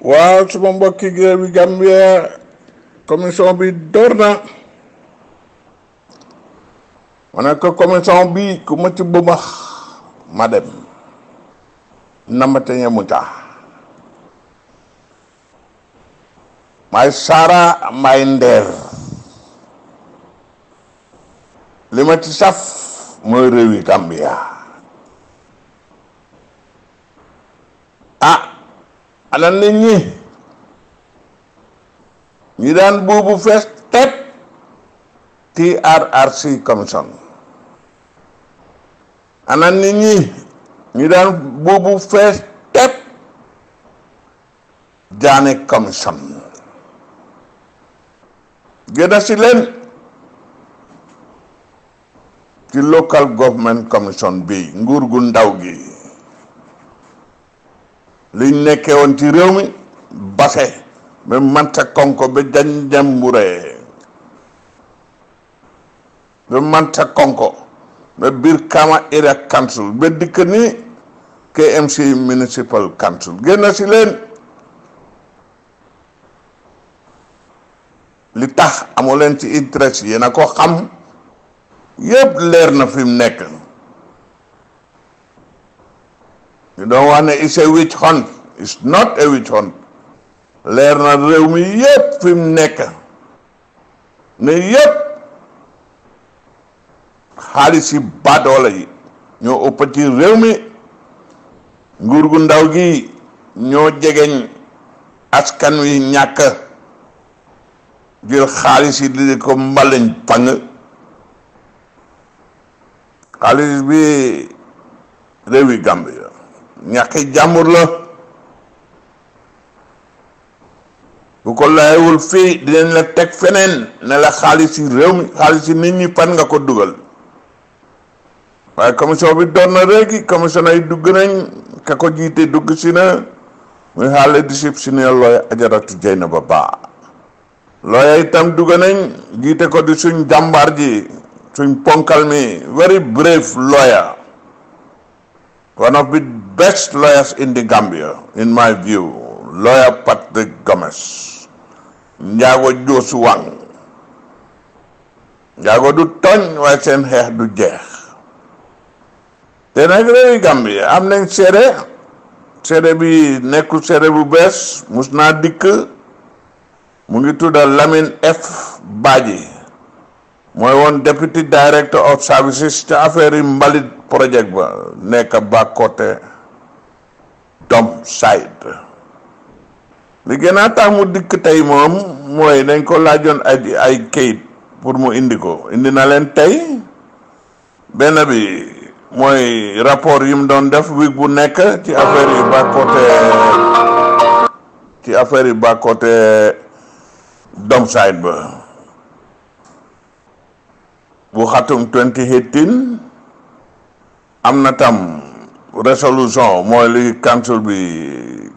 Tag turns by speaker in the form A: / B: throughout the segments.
A: waaw suma mbokki réew yi gambia commission bi dorna. na ma ne bi ku ma ci bëmax ma dem namate ñamuta may sara may ndeer li saf mooy réew yi gambia ah ana nit ñi ñi daan buubu fees tepp TRRC commission ana nit ñi ñi daan buubu fees tepp Diané commission génn si leen ci local government commission bi nguur gu ndaw gi liñ nekkee woon ci réew mi base ba manta konko ba janjamburee ba manta konko ba biir kama area council ba dikk ni KMC municipal council génn si leen li tax amu leen ci interest yéen a ko xam yépp leer na fi mu nekk ñu doon wax ne it's a witch hunt it's not a witch hunt leer na réew mi yépp fi nekk ne yépp xaalis yi badoola yi ñoo ëpp ci réew mi nguur gu ndaw gi ñoo jegeñ askan wi ñàkk jël xaalis yi di ko mbalañ pang xaalis bi réew yi Gambia ñaqi jàmbur la bu ko laayewul fii dinañ la teg feneen ne la xaalis yi réew mi xaalis yi nit ñi fan nga ko dugal waaye commission bi doon na léegi commissionnaire yi dugg nañ ka ko jiite dugg si na muy xaale disip si ne looy ajaratu jay na ba baa looya itam dugg nañ jiite ko di suñ jàmbaar ji suñ ponkal mi very brave lawyer one of the best lawyers in the Gambia, in my view, lawyer Patrick Gomez. Njago Joosu Wang. Njago du tooñ waaye seen xeex du jeex te nag réewi Gambia am nañ seede seede bi nekkul seede bu bees mus naa dikk mu da Lamin F Baji. mooy woon deputy director of services ca affaire yu mbalit projet ba nekk ba côté dom side li gën a tax mu dikk tey moom mooy dañ ko laajoon ay ay kayit pour mu indi ko indi na leen tey benn bi mooy rapport yim doon def wig bu nekk ci affaire yu ba côté ci affaire dom side ba Bukhatum 2018 am na tam résolution mooy li council bi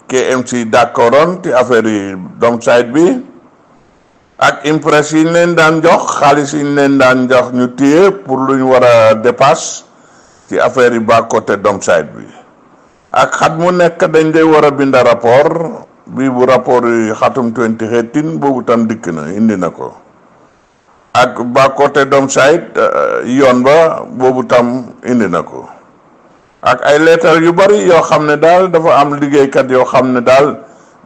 A: KMC d'accordoon ci affaire yi dom side bi ak impress yi ñu leen daan jox xaalis yi ñu leen daan jox ñu téye pour lu ñu war a dépasse ci affaire yi ba côté dom side bi ak xat mu nekk dañ day war a bind rapport bii bu rapport yi xatum 2018 boobu tam dikk na indi na ko ak doom Domsaïd euh, yoon ba boobu tam indi na ko ak ay leetar yu bari yoo xam ne daal dafa am liggéeykat yoo xam ne daal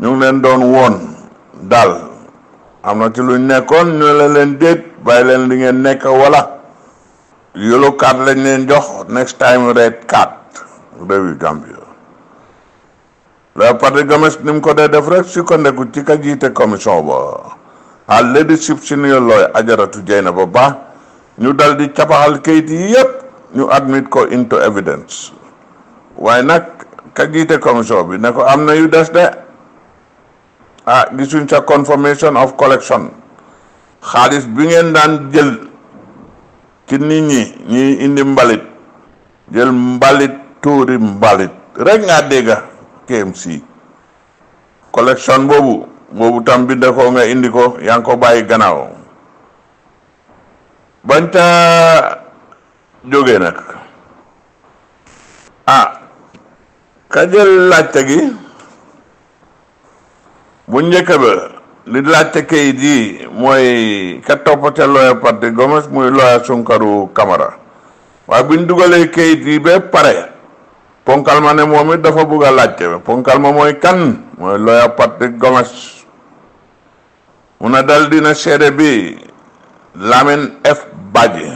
A: ñu ngi leen doon woon daal am na ci luñ nekkoon ñu la leen déet bàyyi leen li ngeen nekk wala yellow card lañ leen jox next time red card réew yu Gambia la parti Gomes ni mu ko dee def rek sukkandiku ci ka jiite commission ba ha leadership nuyo loy ajaratu dieynaba ba ñu daldi capaxal kayit yi yépp ñu admit ko into evidence way nak ka gite commission bi ne ko amna yu dess de ah gisun ca confirmation of collection khalis bi ngeen daan jël ci nit ñi ñi indi mbalit jël mbalit tuuri mbalit rek nga dégga KMC collection bobu boobu tam bind ko nga indi ko yaa ngi ko bàyyi gannaaw bañ ta jógee nag ah ka jël laajte gi bu njëkk ba li laajte kayit yi mooy ka toppate lawyer Party Gomes muy lawyer Sunkaru Kamara waaye buñ dugalee kayit yi ba pare ponkal ne moom it dafa bugg laajte ponkal ma mooy kan mooy lawyer Patrick Gomes mu ne dal dina seede bi Lamine F Badji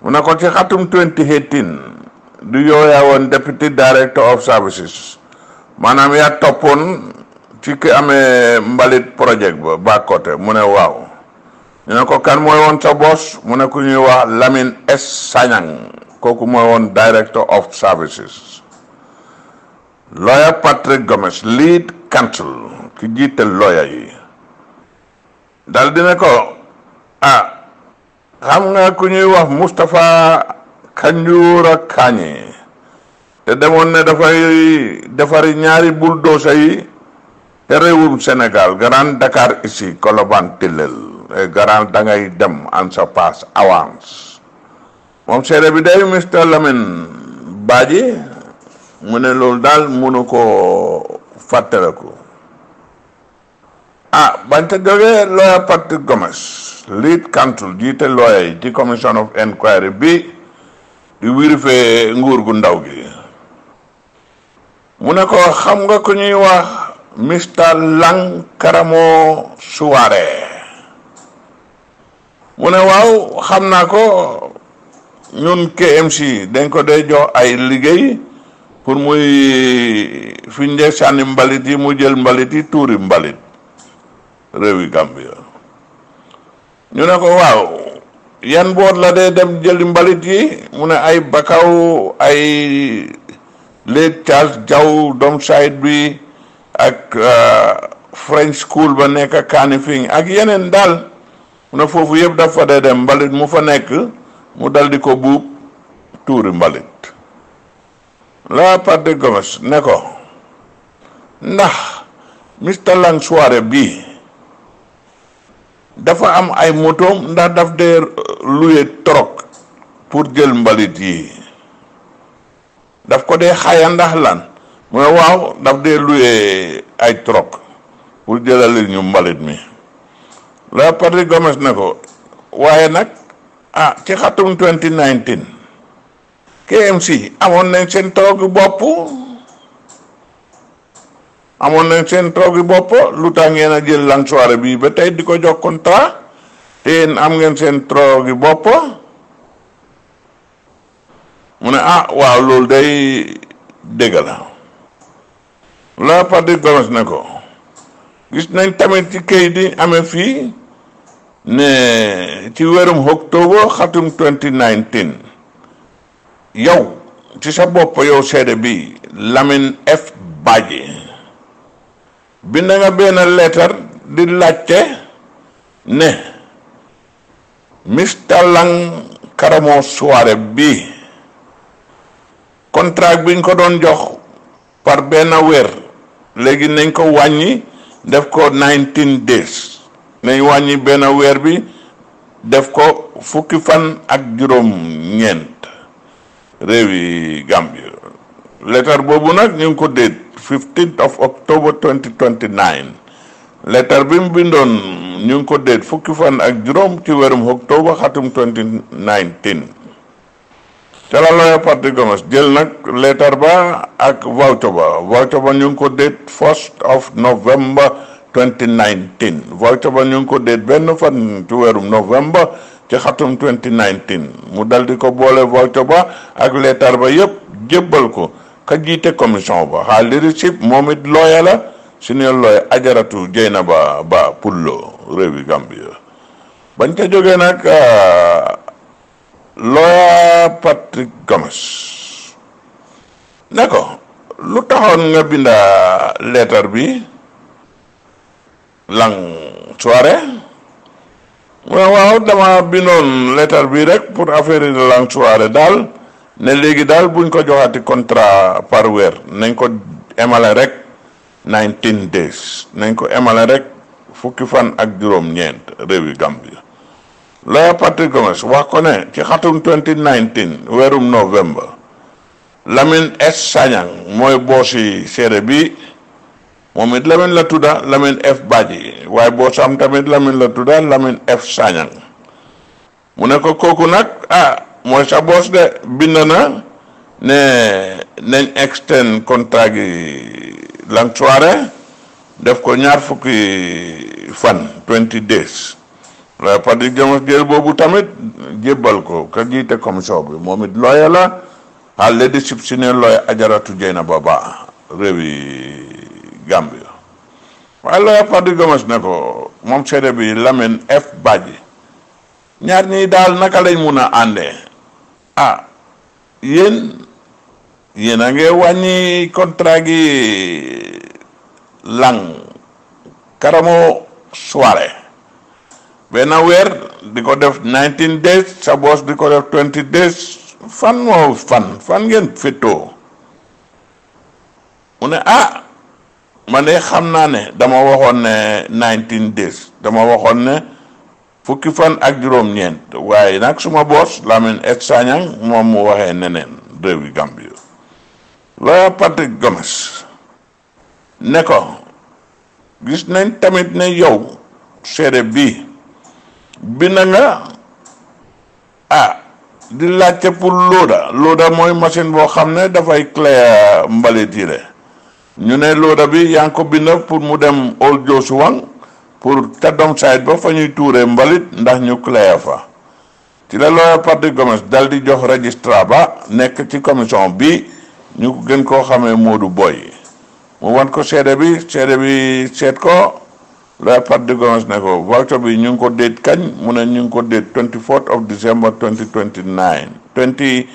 A: mu ne ko ci xatum 2018 du yooyaa woon deputy director of services maanaam yaa toppoon ci ki amee mbalit projet ba ba côté mu ne waaw ñu ne ko kan mooy woon sa boss mu ne ku ñuy wax Lamine S Sagnang kooku mooy woon director of services lawyer Patrick Gomez lead counsel ki jiite lawyer yi dal dina ko ah xam nga ku ñuy wax mustafa Kanye te demone ne dafay defar ñaari bulldozer yi te réewum senegal Grand Dakar ici Colobane Tilel eh, Grand da ngay dem en sa passe avance mom seede bi day Mr Lamine Badji mu ne loolu daal mënu ko fàttaliku ah Bantagawé lawyer Patrick Gomes lead counsel jiite lawyer yi ci commission of inquiry bi di wirifee nguur gu ndaw gi mu ne ko xam nga ko ñuy wax mista Lang Karamo Suware mu ne waaw xam naa ko ñun KMC dañ ko dee jox ay liggéey pour muy fi ñu dee sànni mbalit yi mu jël mbalit yi tuuri mbalit réewi Gambia ñu ne ko waaw yan boot la dee dem jëli mbalit yi mu ne ay bakaw ay Lake Charles jaw dom side bi ak uh, French school ba nekk kaani fii ak yeneen daal mu ne foofu yëpp dafa dee dem mbalit mu fa nekk mu dal di ko buub tuuri mbalit la part Gomes ne ko ndax Mister Lang soirée bii dafa am ay motoom ndax daf dee loué torok pour jël mbalit yi daf ko dee xaya ndax lan mu ne waaw daf dee loué ay torok pour jëlali ñu mbalit mi la part Gomes ne ko waaye nag a ah, ci xatum KMC amon nañ seen togg bopp amoon nañ seen togg bopp lu tax ngeen a jël lan soirée bi ba tey di ko jox contrat te yéen am ngeen seen togg bopp mu ne ah waaw loolu day dëgg la la parti gomes ne gis nañ tamit ci kayit yi amee fii ne ci weerum octobre xatum 2019 yow ci sa bopp yow seede bi lamin F Badji bi na benn leetar di laajte ne Mr Lang Karamo Souare bi contrat bi ñu ko doon jox par benn weer léegi nañ ko wàññi def ko 19 days nañ wàññi benn weer bi def ko fukki fan ak juróom ñeent réewi Gambie lettre boobu nag ñu ngi ko déet of October 2029 lettre bi mu bindoon ñu ngi ko déet fukki fan ak juróom ci weerum octobre xatum 2019 Gomes jël nag lettre ba ak voucher ba voucher ba ñu ngi ko déet 1st of November 2019 ba ñu ngi ko déet benn fan ci weerum ci xatum 2019 mu dal di ko boole volto ba ak leetar ba yëpp jébbal ko ka jiite commission ba xaalis sib moom it looya la su ne looy ajaratu jeyna ba ba pullo réewi Gambia bañ ko jógee nag euh, looya Patrick Gomes ne ko lu taxoon nga binda leetar bi lang soirée waaw waaw dama bindoon lettre bi rek pour affaire yi langue daal ne léegi daal buñ ko joxaati contrat par weer nañ ko emale rek 19 nañ ko emale rek fukki fan ak juróom-ñeent réew yi Gambia lawyer Gomes wax ko ne ci xatum 2019 weerum novembre Lamine S Sagnang mooy boosi séeré bi moom it Lamine la tudda Lamine F Badji waaye boo sam tamit Lamine la tudda Lamine F Sagnang mu ne ko kooku nag ah mooy sa boos de bind na ne nañ extend contrat gi lan def ko ñaar fukki fan twenty days la Patrick James jël boobu tamit jébbal ko ka jiite commission bi moom it looya la xaal leadership si ne looya ajaratu Jaynaba Ba réew yi Gambia waaye lawyer Fadi Gomes ne ko moom seede bi lamen F Badji ñaar ñii daal naka lañ mun a àndee ah yéen yéen a ngi wàññi contrat gi lang karamo soire benn weer di ko def 19 days sa bos di ko def 20 days fan moo fan fan ngeen fittoo mu ne ah man de xam naa ne dama waxoon ne nineteen days dama waxoon ne fukki fan ak juróom-ñeent waaye nag suma boos Lamin et Sagnang moom mu waxee neneen réewi Gambie lawyer Patrick Gomes ne ko gis nañ tamit ne yow seede bi na nga ah di laajte pour looda looda mooy machine boo xam ne dafay clair mbalit yi ñu ne looda bi yaa ngi ko binda pour mu dem Old Joshuang pour teddong site ba fa ñuy tuure mbalit ndax ñu clair fa ci la lawyer Patrick Gomes dal di jox registrar ba nekk ci commission bi ñu gën koo xamee Modou Boy mu wan ko seede bi seede bi seet ko lawyer Patrick Gomes ne ko voucher bi ñu ngi ko déet kañ mu ne ñu ngi ko déet 24 of December 2029 2019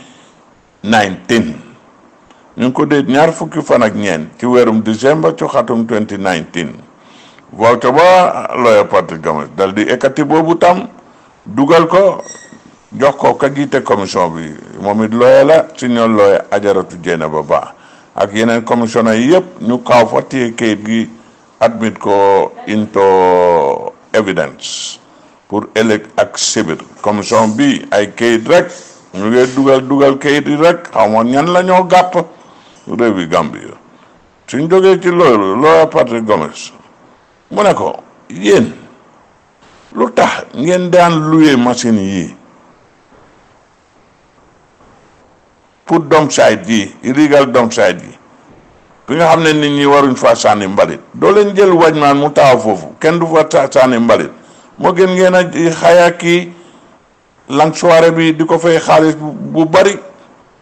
A: ñu ngi ko dee ñaar fukki fan ak ñeent ci weerum décembre ci xatum 2019 vawta ba lawyer Patrick Gomes dal di ekkati boobu tam dugal ko jox ko ka jiite commission bi moom it lawyer la si ñoom lawyer ajaratu jéene ak yeneen commissionnaire yi yëpp ñu kaaw fa téye kayit gi ko into evidence ëllëg ak sibir commission bi ay kayit rek ñu ngi dugal dugal kayit yi rek xamoon ñan la ñoo gàpp réewi Gambia suñ jógee ci loolu Lawyer Patrick Gomes mu ne ko yéen lu tax ngeen daan louer machine yii pour dompsite yi illegal dompsite yi bi nga xam ne nit ñi waruñ fa sànni mbalit doo leen jël waj maan mu taaw foofu kenn du fa sànni mbalit moo gën ngeen a xayaa ki lang soirée bi di ko fay xaalis bu bari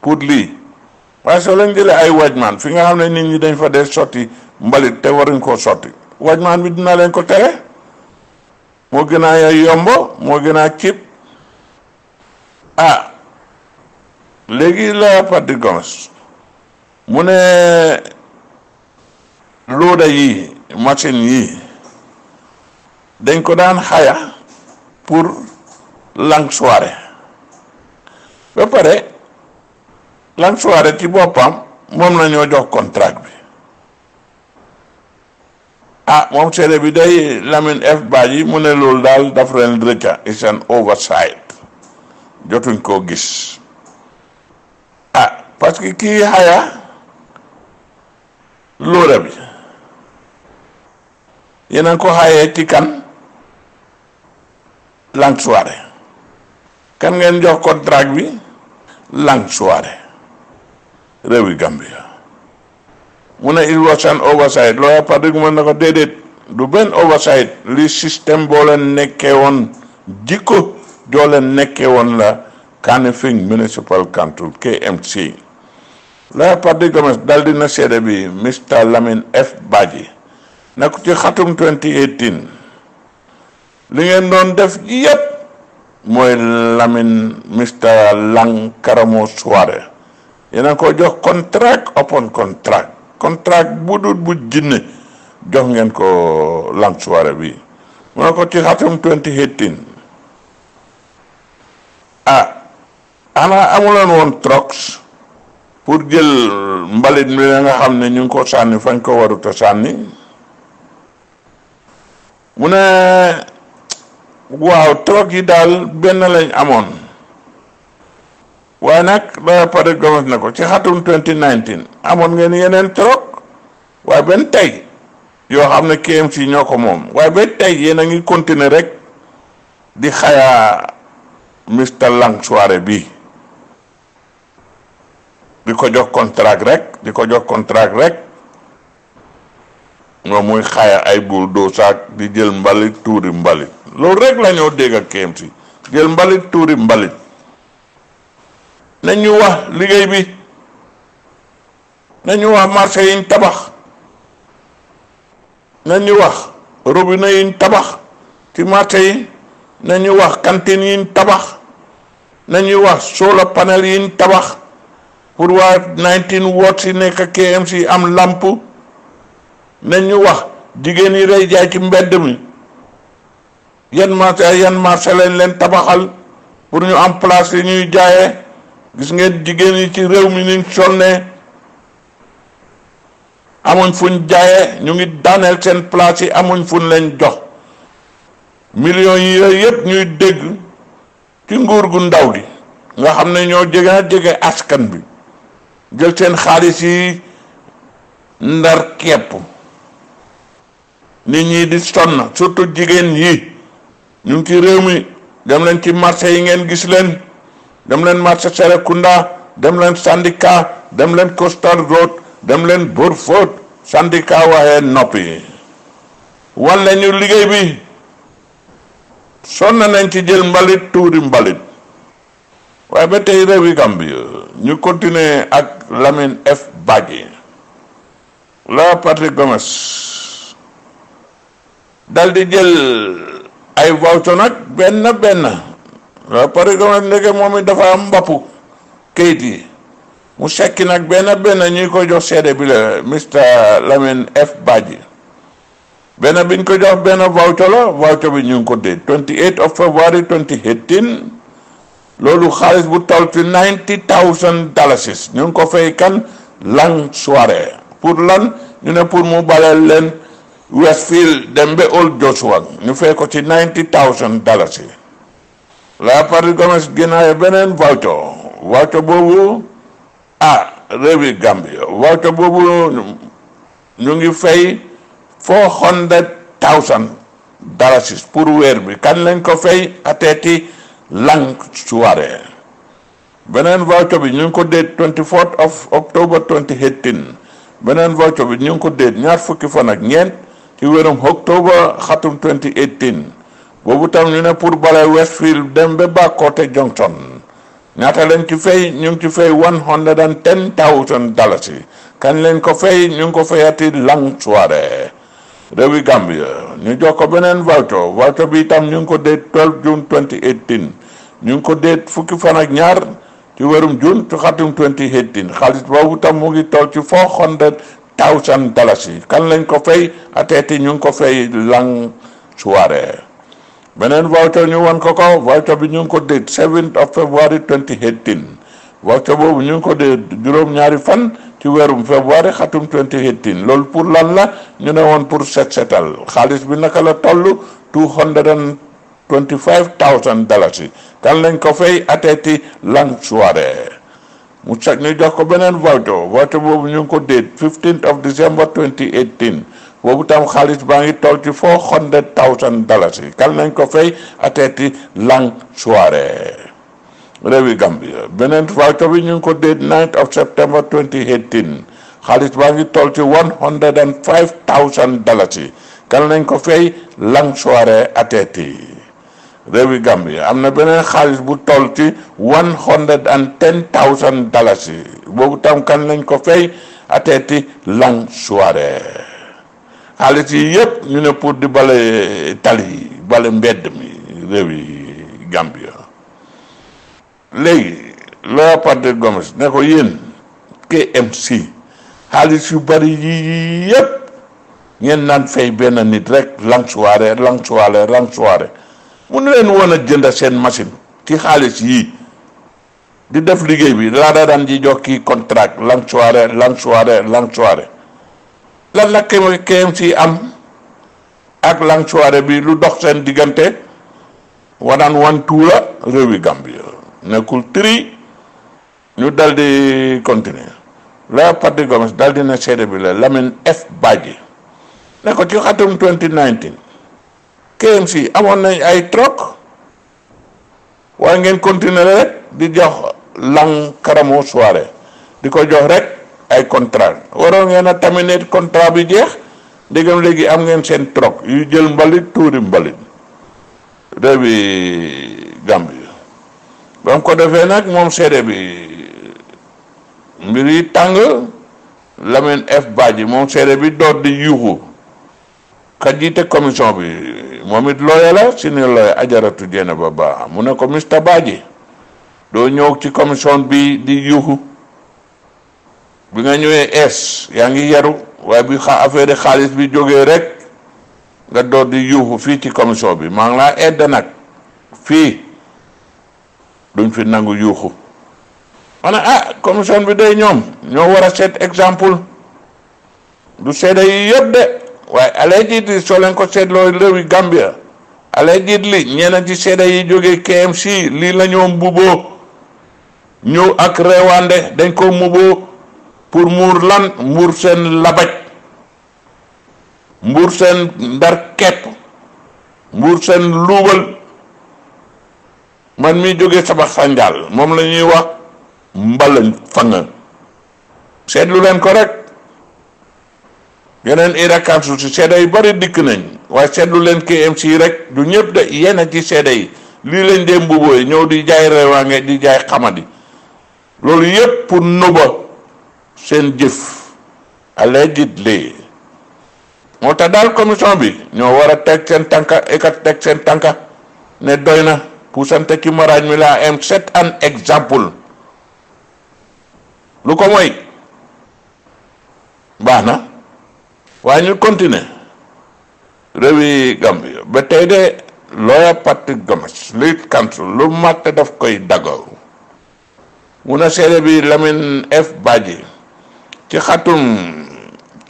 A: pour lii waaye soo leen jëlee ay wajmaan fi nga xam ne nit ñi dañ fa dee sotti mbalit te waruñ koo sotti wajmaan bi dina leen ko tere moo gën a yomb moo gën a cib ah léegi la parti gomes mu ne looda yi machine yi dañ ko daan xaya pour lang soirée ba pare Lat Soirée ci boppam moom la ñoo jox contrat bi ah moom seede bi day Lamine F Badji mu ne loolu daal daf leen rëcca it's an oversight jotuñ koo gis ah parce que kii xaya lóora bi yeneen ko xayee ci kan Lan Soirée kan ngeen jox contrat bi Lan Soirée réewi Gambia mu ne it was an oversight lawyer Patrick mu ne ko déedéet du benn oversight li système boo leen nekkee woon jikko joo leen nekkee woon la Kanifing Municipal Council KMC lawyer Patrick Gomes dal dina seede bi Mr Lamine F Badji nekk ci xatum 2018 li ngeen doon def yépp mooy Lamine Mr Lang Karamo Suare yena ko jox contract upon contract contract budut bu jinne jox ngeen ko lang soirée bi mu ko ci hatum 2018 ah ana amulon won trox pour gel mbalit mi nga xamne ñu ko sanni fañ ko warut a sanni mu ne waaw trox yi daal benn lañ amoon waaye nag pare gomos na ko ci xatum 2019 amoon ngeen yeneen trok waaye benn tey yoo xam ne KMC ñoo ko moom waaye ba tey yéen a ngi continuer rek di xayaa Mr Lang soirée bi di ko jox contract rek di ko jox contract rek moom muy xaya ay buur doo saak di jël mbalit tuuri mbalit loolu rek la ñoo dégg ak KMC jël mbalit tuuri mbalit nañ ñu wax liggéey bi nañ ñu wax marché yiñ tabax nañ ñu wax robine yiñ tabax ci marché yi nañ ñu wax kantin yiñ tabax nañ ñu wax solar panel yiñ tabax pour waa 19 watts yi nekk KMC am làmp nañ ñu wax jigéen yi rey jaay ci mbedd mi yan marché yan marché lañ leen tabaxal pour ñu am place yi ñuy jaaye gis ngeen jigéen yi ci réew mi niñ sonne amuñ fuñ jaayee ñu ngi daaneel seen place yi amuñ fuñ leen jox million yi yooyu ñuy dégg ci nguur gu ndaw li nga xam ne ñoo jege na jege askan bi jël seen xaalis yi ndar kepp nit ñi di sonn surtout jigéen yi ñu ngi ci réew mi dem leen ci marché yi ngeen gis leen dem leen marché Serekunda dem leen syndicat dem leen Coastal Road dem leen Bur Fot syndicat waxee noppi wanle ñu liggéey bi sonn nañ ci jël mbalit tuuri mbalit waaye ba tey réewi Gambie ñu continuer ak Lamine F Badji la Patrick Gomes dal di jël ay vawto nag benn benn waa pare gomète léegi moom it dafa am mbapp kayit yi mu sekki nag benn benn ñuy ko jox seede bi la Mr Lamine F Badji benn biñ ko jox benn voucher la voucher bi ñu ngi ko date 28 of February 2018 loolu xaalis bu toll ci 90000 dalasis ñu ngi ko fay kan lang soirée pour lan ñu ne pour mu baleel leen Westfield dem be Old Joshua ñu fay ko ci 90000 dalasis la partie commerce génnaaye beneen vawto vawto boobu ah réewi Gambie vawto boobu ñu ngi fay four hundred thousand dalasis pour weer bi kan lañ ko fay ateeti lang soirée beneen vawto bi ñu ngi ko déet twenty fourth of october twenty eighteen beneen vawto bi ñu ngi ko déet ñaar fukki fan ak ñeent ci wérum octobre xatum twenty boobu tam ñu ne pour bale Westfield dem ba Bakoteh Junction ñaata lañ ci fay ñu ngi ci fay one hundred and ten thousand dalasi kañ lañ ko fay ñu ngi ko fayati lang soirée réewi Gambia ñu jox ko beneen voucher voucher bi tam ñu ngi ko date 12 June 2018 ñu ngi ko date fukki fan ak ñaar ci werum June ci xatum xaalis boobu tam mu ngi toll ci four hundred thousand dalasi kañ lañ ko fay ateeti ñu ngi ko fay lang soirée beneen voucher ñu wan ko ko voucher bi ñu ngi ko date 7 of February 2018 voucher boobu ñu ngi ko dee juróom-ñaari fan ci weerum février xatum 2018 loolu pour lan la ñu ne woon pour set setal xaalis bi naka la toll two hundred and twenty five thousand dollars yi kan lañ ko fay ateeti lang soirée mu sax ñu jox ko beneen voucher voucher boobu ñu ngi ko date 15 of December 2018 boobu tam xaalis baa ngi toll ci four hundred thousand dalasi kal nañ ko fay ateeti lang soirée réewi Gambia beneen voucher bi ñu ngi ko date 9th of September 2018 xaalis baa ngi toll ci one hundred and five thousand dalasi kal nañ ko fay lang soirée ateeti réewi Gambia am na beneen xaalis bu toll ci one hundred and ten dalasi boobu tam kan lañ ko fay ateeti lang soirée xaalis yi yëpp ñu ne pour di bale tali yi bale mbedd mi réew yi Gambia léegi Loya Patté Gomes ne ko yéen KMC xaalis yu bari yii yëpp ngeen naan fay benn nit rek lansuwaare lansuwaare lansuwaare mu ne leen woon a seen machine ci xaalis yii di def liggéey bi laa daan ji jox kii contrat lansuwaare lansuwaare lansuwaare lan la KMC am ak Langsuwaare bi lu dox seen diggante wanaan wan tuula réewi Gambie nekkul tri ñu dal di continuer la parti Gomes dal di na seede bi la Lamine F Badji ne ko ci xatum 2019 KMC amoon nañ ay troc waaye ngeen continuer rek di jox lang karamo soirée di ko jox rek ay contrat waro ngeen a terminer contrat bi jeex digam legi am ngeen seen troc yu jël mbalit touri mbalit réewi gambi bam ko defé nak mom seede bi mbiri tang lamen f badji mom seede bi door di yuhu Kaji te commission bi momit it la sinu ni ajaratu jéene baba muné ko mr badji do ci commission bi di yuhu bi nga ñëwee ees yaa ngi yaru waaye bi xa affaire xaalis bi jógee rek nga door di yuuxu fii ci commission bi maa ngi laa aide nag fii duñ fi nangu yuuxu ma ne ah commission bi day ñoom ñoo war a seet exemple du seede yi yëpp de waaye alay li soo leen ko seetloo réewi Gambia alay jiit li ñeena ci seede yi jógee KMC lii la ñoom mbuboo ñëw ak reewaande dañ ko mbuboo pour muur lan mursen seen labaj muur seen ndar kepp muur seen luubal man mi jóge sabax sànjaal moom la wax mbalañ fanga seetlu leen ko rek bari dikk nañ waaye seetlu leen KMC rek du ñëpp de yéen a ci seede yi lii lañ dee mbubooy ñëw di jaay rewaange di jaay xamadi loolu pour nuba seen jëf allegedly moo tax daal commission bi ñoo war a teg seen tànka ekat teg seen tànka ne doy na pour sante ci mi laa am set an exemple lu ko moy baax na waaye ñu continuer réwi Gambie ba tey de lawyer Patrick Gomes lead counsel lu mat daf koy daggaw mun a seede bi Lamine F Badji ci xatum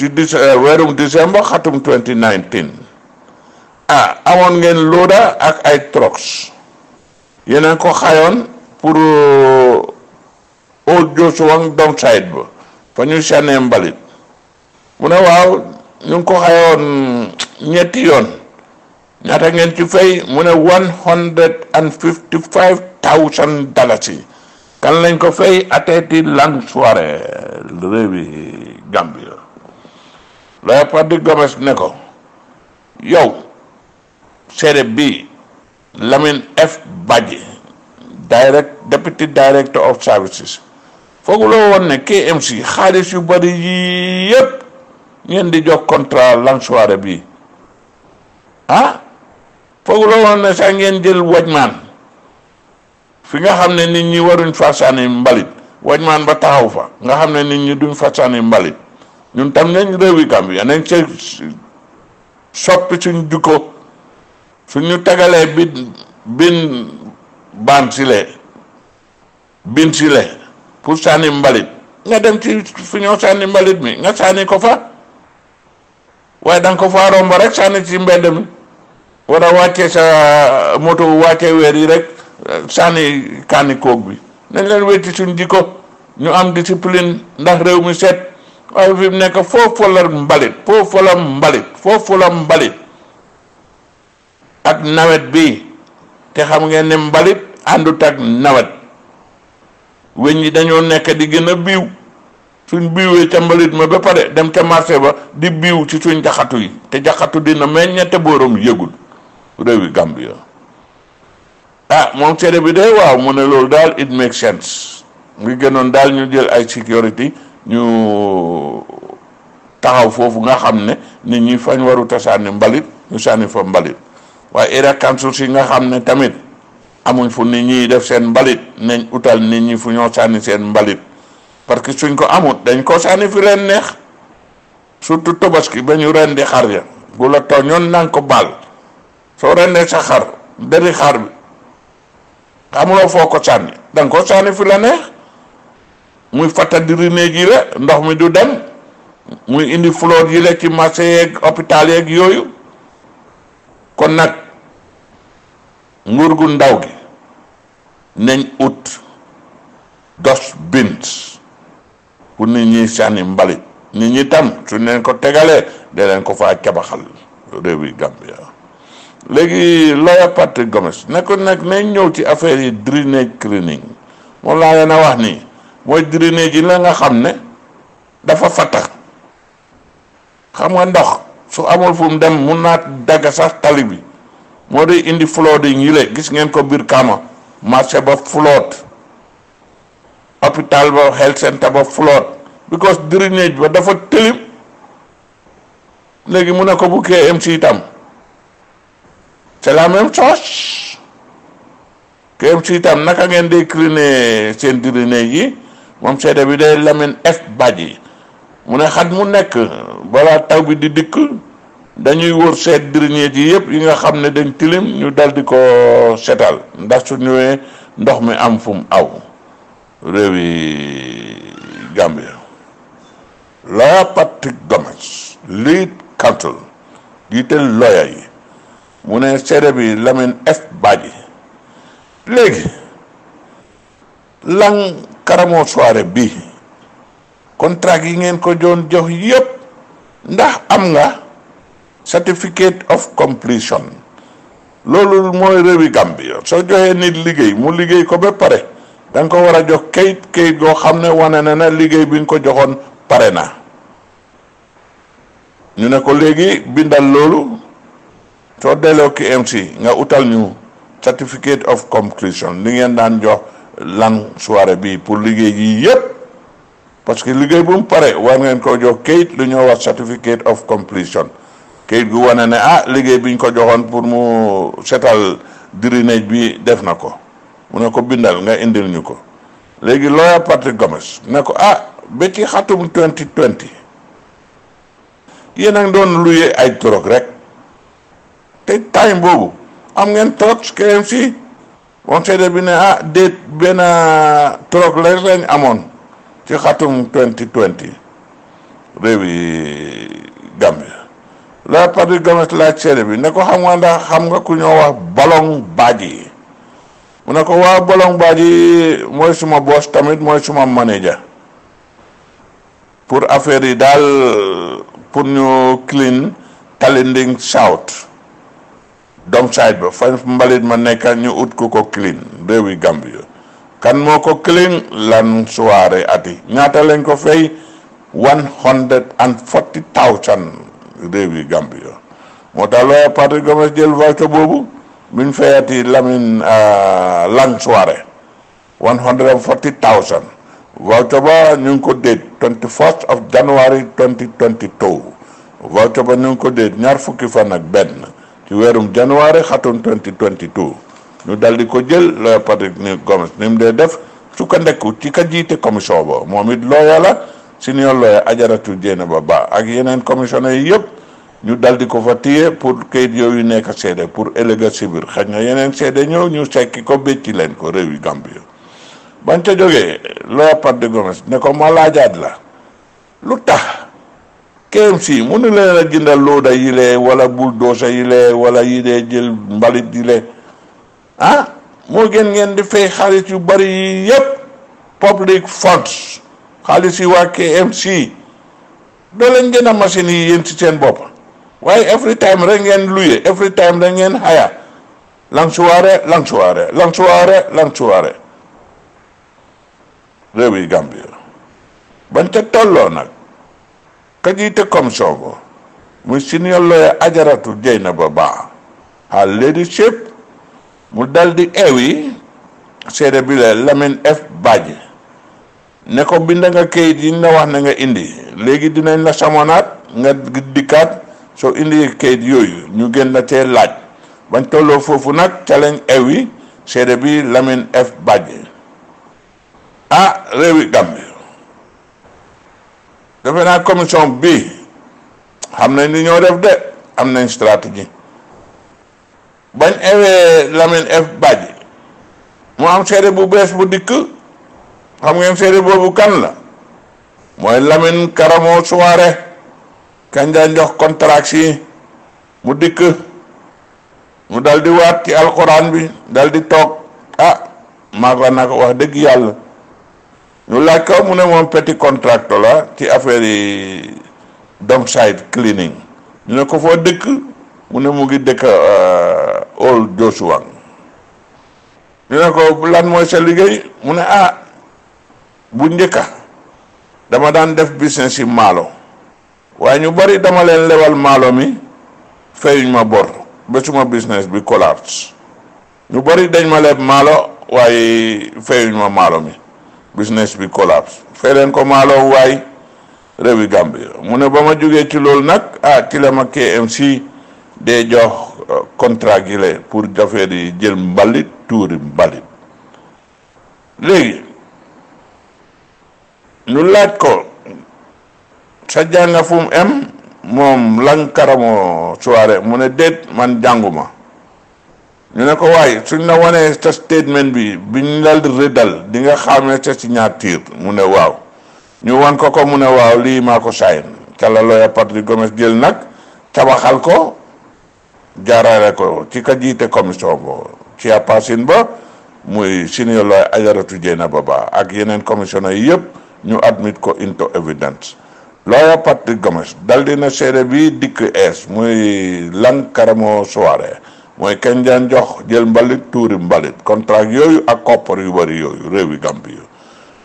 A: ci eh, weerum décembre xatum 2019 ah amoon ngeen loda ak ay trox yeneen ko xayoon pour au euh, josuwang downside ba fa ñu sànnee mbalit mu ne waaw ñu ko xayoon ñetti yoon ñaata ngeen ci fay mu ne 155000 hundred thousand kan lañ ko fay atéti lang soirée the réew bi Gambie Léopold Gomes ne ko Lamin F Badi, direct deputy director of services fooguloo wanne KMC xaalis yu bari yii yëpp ngeen di bi ah fooguloo wanne ne sax ngeen jël wajmaan fi nga xam ne nit waruñ mbalit wañ maan ba taxaw fa nga xam ne nit ñi duñ fa sànni mbalit ñun tam nañ réewi Gambia nañ ca soppi suñ jukko suñu tegalee bin bin baan sile bin sile pour sànni mbalit nga dem ci fu ñoo sànni mbalit mi nga sànni ko fa waaye danga ko faa romb rek sànni ci mbedd mi wala wàccee sa moto wàccee weer yi rek sànni kaani kóog bi nañ leen wetti suñ jikko ñu am discipline ndax réew mi seet waaye fi mu nekk foofu la mbalit foofu la mbalit foofu la mbalit ak nawet bi te xam ngeen ne mbalit àndut ak nawet weñ yi dañoo nekk di gën a biiw suñ biiwee ca mbalit ma ba pare dem ca marché ba di biiw ci suñ jaxatu yi te jaxatu dina meññ te boorom yëgul réew yi Gambia ah mom seede bi day waaw mu ne loolu daal it makes sense ngi gënoon daal ñu jël ay security ñu taxaw foofu nga xam ne nit ñi fañ waru ta mbalit ñu sànni fa mbalit waaye area council si nga xam ne tamit amuñ fu nit ñi def seen mbalit nañ utal nit ñi fu ñoo sànni seen mbalit parce que suñ ko amut dañ ko sànni fi leen neex surtout tobaski ba ñu ren xar ya bu la nang ko baal soo rendee sa xar xar bi amuloo foo ko sànni da nga ko sànni fi la neex muy fàttali néeg yi la ndox mi du dem muy indi flot yi la ci marché yeeg hôpital yeeg yooyu kon nag nguur gu ndaw gi nañ ut dos bins pour nit ñi sànni mbali nit ñi tam su leen ko tegalee de leen ko faa cabaxal réew yi Gambia legi loya Patrick Gomes nekko nak ne ñew ci affaire yi drainage cleaning mo la leen wax ni drainage yi la nga xamne ne dafa fata xam nga ndox su amul fu dem mu na dagg sax talibi bi indi flooding yi le gis ngeen ko bir kama marché ba flood hôpital ba health center ba flood because drainage ba dafa telim legi mu ne ko bu ke MC tam. celaa la même chose képp ci itam naka ngeen décliné seen dirine yi moom seede bi day Lamine F Badji mu ne xat mu nekk balaa taw bi di dikk dañuy wër seet dirine ji yëpp yi nga xam ne dañ tilim ñu dal di ko setal ndax su ñëwee ndox mi am fum aw réew yi Gambia lawyer Patrick Gomes lead counsel jiital lawyer yi mu ne seede bi Lamine F Badji léegi lang karamoo soirée bi contrat yi ngeen ko doon jox yëpp ndax am nga certificate of completion loolu mooy réewi Gambie soo joxee nit liggéey mu liggéey ko ba pare da ko war a jox kayit kayit goo xam ne wane na na liggéey bi nga ko joxoon pare na ñu ne ko léegi bindal loolu soo delloo QMC nga utal ñu certificate of completion li ngeen daan jox lan soirée bi pour liggéey yi yëpp parce que liggéey bu mu pare war ngeen ko jox kayit lu ñoo wax certificate of completion kayit gu wane ne ah liggéey biñ ko joxoon pour mu setal drainage bi def na ko mu ne ko bindal nga indil ñu ko léegi lawyer Patrick Gomes ne ko ah ba ci xatum 2020 yéen a doon luye ay torog rek te time bobu am ngeen troc KMC moom seede bi ne ah déet benn ah, troc la lañ amoon ci xatum 2020 réewi Gambie la parti Gomes laaj seede bi ne ko xam nga ndax xam nga ku ñoo wax Balong baji, mu ne ko waa Balong baji, mooy suma boss tamit mooy suma manager pour affaire yi daal pour ñu clean Talinding South dom side ba fañ mbalit ma nekka ñu ut ku ko clean réewi Gambia kan moo ko clean lan soirée ati ñaata lañ ko fay one hundred and forty thousand réewi Gambia moo tax looya Patrick Gomes jël voucher boobu buñ fayati Lamin euh, lan soirée one hundred and forty thousand voucher ba ñu ngi ko date twenty first of January twenty twenty two voucher ba ñu ko date ñaar fukki fan ak benn ci weerum januari xatum 2022 ñu dal di ko jël la Patrick Gomes ni mu dee def sukkandeku ci ka jiite commission ba moom it looya si senior lawyer Ajaratu Dieynaba Bah ak yeneen commissionnaire yi yëpp ñu dal di ko fa téye pour kayit yow yooyu nekk seede pour ëllëg si biir xaj na yeneen seede ñëw ñu sekki ko bécci leen ko réew yi Gambie bañ ca jógee lawyer Patrick Gomes ne ko ma laajaat la lu tax KMC mënu leen a jëndal looda yi lee wala bulldozer yi lee wala yi lee jël mbalit yile lee ah moo gën ngeen di fay xaalis yu bari yi yépp public funds xaalis yi waa KMC doo leen jënd machine yi yéen ci seen bopp waaye every time rek ngeen luye every time rek ngeen haya lansuwaare lansuwaare lansuwaare lansuwaare réew yi Gambie bañ ca tolloo nag Kaji kom komsogo mu lawyer ya ajaratu jeyna ba ha leadership mu daldi ewi seede bi la lamin f badge. ne ko binda nga kayit yi na wax na nga indi legi dinañ la samonat nga dikat so indi kayit yoyu ñu gën la tee laaj bañ tolo fofu nak ca ewi seede bi lamin f badge. ah rewi gambie defe naa commission bi xam nañ li ñoo def de am nañ stratégie bañ ewee Lamine F Badji mu am seede bu bees bu dikk xam ngeen seede boobu kan la mooy lamin Karamo Souare kañ daa jox contrat mu dikk mu dal di waat ci alquran bi dal di toog ah maa ko naa ko wax dëgg yàlla ñu laaj mu ne moom petit contracteur la ci affaire yi Dockside cleaning ñu ne ko foo dëkk mu ne mu ngi dëkk euh, Old Joshua ñu ne ko lan mooy sa liggéey mu ne ah bu njëkka dama daan def business yi maalo waaye ñu bari dama leen lewal maalo mi feyuñ ma bor ba suma business bi collapse ñu bari dañ ma leb maalo waaye feyuñ ma maalo mi business bi collapse fee leen ko maaloo waay réewi Gambia mu ne ba ma jógee ci loolu nag ah ci la ma KMC dee jox euh, contrat gi la pour affaire yi jël mbalit tuuri mbalit léegi ñu laaj ko sa jànga fu mu em moom lan karamo soirée mu ne déet man jànguma ñu ne ko waaye suñ na wanee sa statement bi bi ñu dal di rëddal di nga xàmmee sa signature mu ne waaw ñu wan ko ko mu ne waaw lii maa ko sayn ca la looya Patrick Gomes jël nag cabaxal ko jaarale ko ci ka jiite commission bo ci Pasin ba muy senior lawyer Ajaratu na Ba ak yeneen commissionnaire yi yëpp ñu admit ko into evidence lawyer Patrick Gomes dal dina seede bi dikk ees muy Lankaramo Souare mooy kañ daan jox jël mbalit tuuri mbalit contrat yooyu ak koppar yu bari yooyu réew yi gambi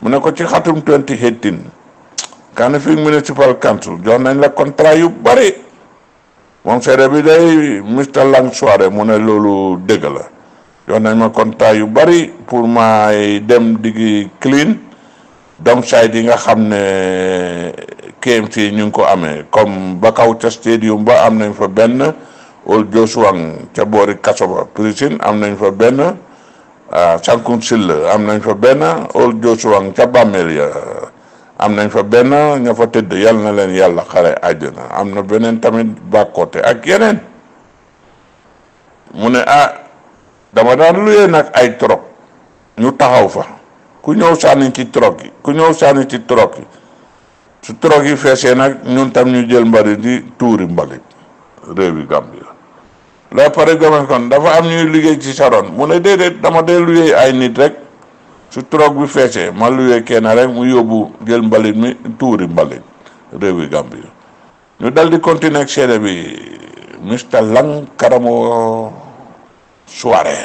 A: mu ne ko ci xatum 2018 fi municipal council jox nañ la contrat yu bari moom seede bi day Mr Lang Soare mu ne loolu dëgg la jox nañ ma contrat yu bari pour may dem digi clean dom side di nga xam ne KMC ñu ngi ko amee comme Bakaw ca stadium ba am nañ fa benn ol josuwan ca boori kaso prisin am nañ fa benn sankun sill am nañ fa benn ol josuwan ca bàmmeel ya am nañ fa benn ña fa tëdd yal na leen yàlla xare àjjana am na beneen tamit bàkkoote ak yeneen mu ne ah dama daan luyee nag ay trop ñu taxaw fa ku ñëw sànni ci ku ñëw sànni ci su yi feesee tam ñu jël mbari di tuuri balik, réew la pare gome kon dafa am ñuy liggéey ci Sharon mu ne déedéet dama dee luyee ay nit rek su troog bi feesee ma luyee kenn rek mu yóbbu jël mbalit mi tuuri mbalit réewi Gambie ñu dal di continuer ak bi Mr Lang Karamo Suare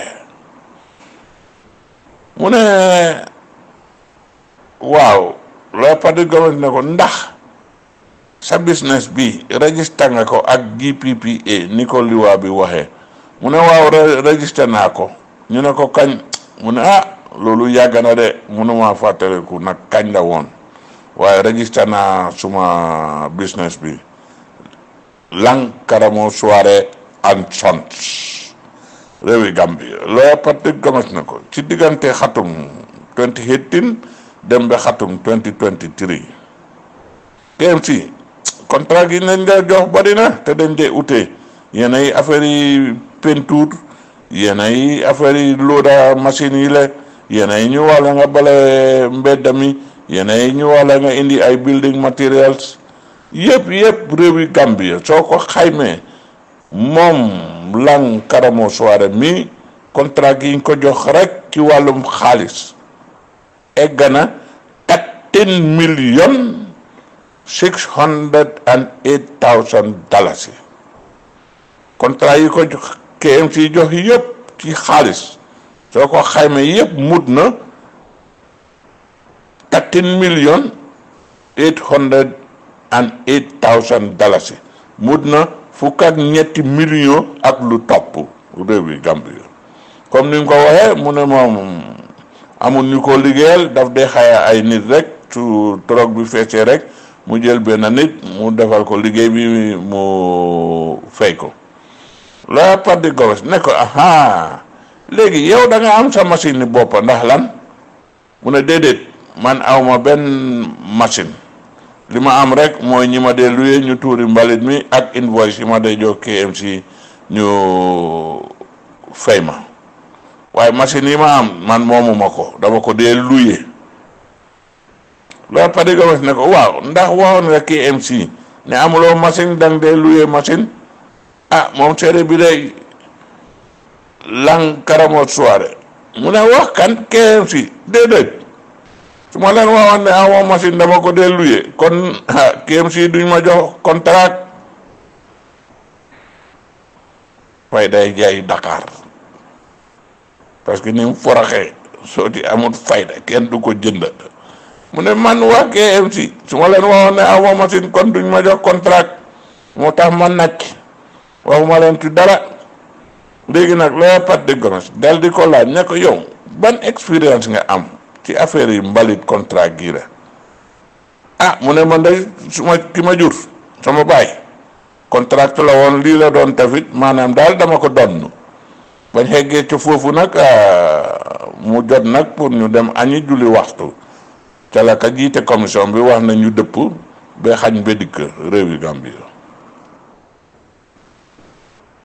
A: mu ne waaw la pare gome ne ko ndax sa business bi register nga ko ak GPPA ni ko liwaa bi waxee mu ne waaw register naa ko ñu ne ko kañ mu ne ah loolu yàgg na de mënuma fàttaliku nag kañ la woon waaye register naa suma business bi Lang Karamo Soirée and Sons réewi Gambie lawyer Patrick Gomes na ko ci diggante xatum 2018 dem ba xatum 2023 KMC contrat gi leen nga jox bari na te dañ cay utee yene ay affaire yi peinture yene ay affaire yi loda machine yi la yene ay ñu wala nga bale mbedd yene ñu wala nga indi ay building materials yépp yépp réewi gambie soko ko mom Mom lang karamo soare mi contrat gi ko jox rek ci walum xaliss egg na millions 608000 dalasi contrat yi ko KMC jox yëpp ci xaalis soo ko xayma yëpp mut na 13 millions 808000 dalasi mut na fukk ak ñetti millions ak lu topp réew yi Gambie comme ni nga ko waxee mu ne moom amul ñu ko liggéeyal daf dee xaya ay nit rek su torog bi feesee rek mu jël benn nit mu defal ko liggéey bi mu fay ko la pat de goros ne ko aha léegi yow da nga am sa machine ni bopp ndax lan mu ne déedéet man awma benn machine li am rek mooy ñi ma dee luye ñu tuuri mbalit mi ak invoice yi ma dee jox KMC ñu fay ma waaye machine yi ma am man momu mako ko dama ko dee luye Pade Gomes ne ko waaw ndax waxoon nga KMC ne amuloo machine dang dee loué machine ah moom seere bi day lang karamo soirée mu ne wax kan KMC déedéet su ma leen waxoon ne amoo machine dama ko de loué kon KMC duñ ma jox contrat fay day jaay Dakar parce que ni mu di soo amul fayda kenn du ko jënd mune man waa KMC suma len leen waxoon ne aw ma machine kon duñ ma jox contrat motax man nag waxuma len ci dara nak lo pat de gros dal di ko laaj ne ko yow ban experience nga am ci affaire yi mbalit contrat gi la ah mune man day suma ki ma jur sama bay contract la won li la don tafit manam dal dama ko donn bañ xeggee ci nak pun ah, mu jot nak pour ñu dem julli waxtu calaka jiite commission bi wax nañu ñu dëpp ba xañ ba dikk réew yi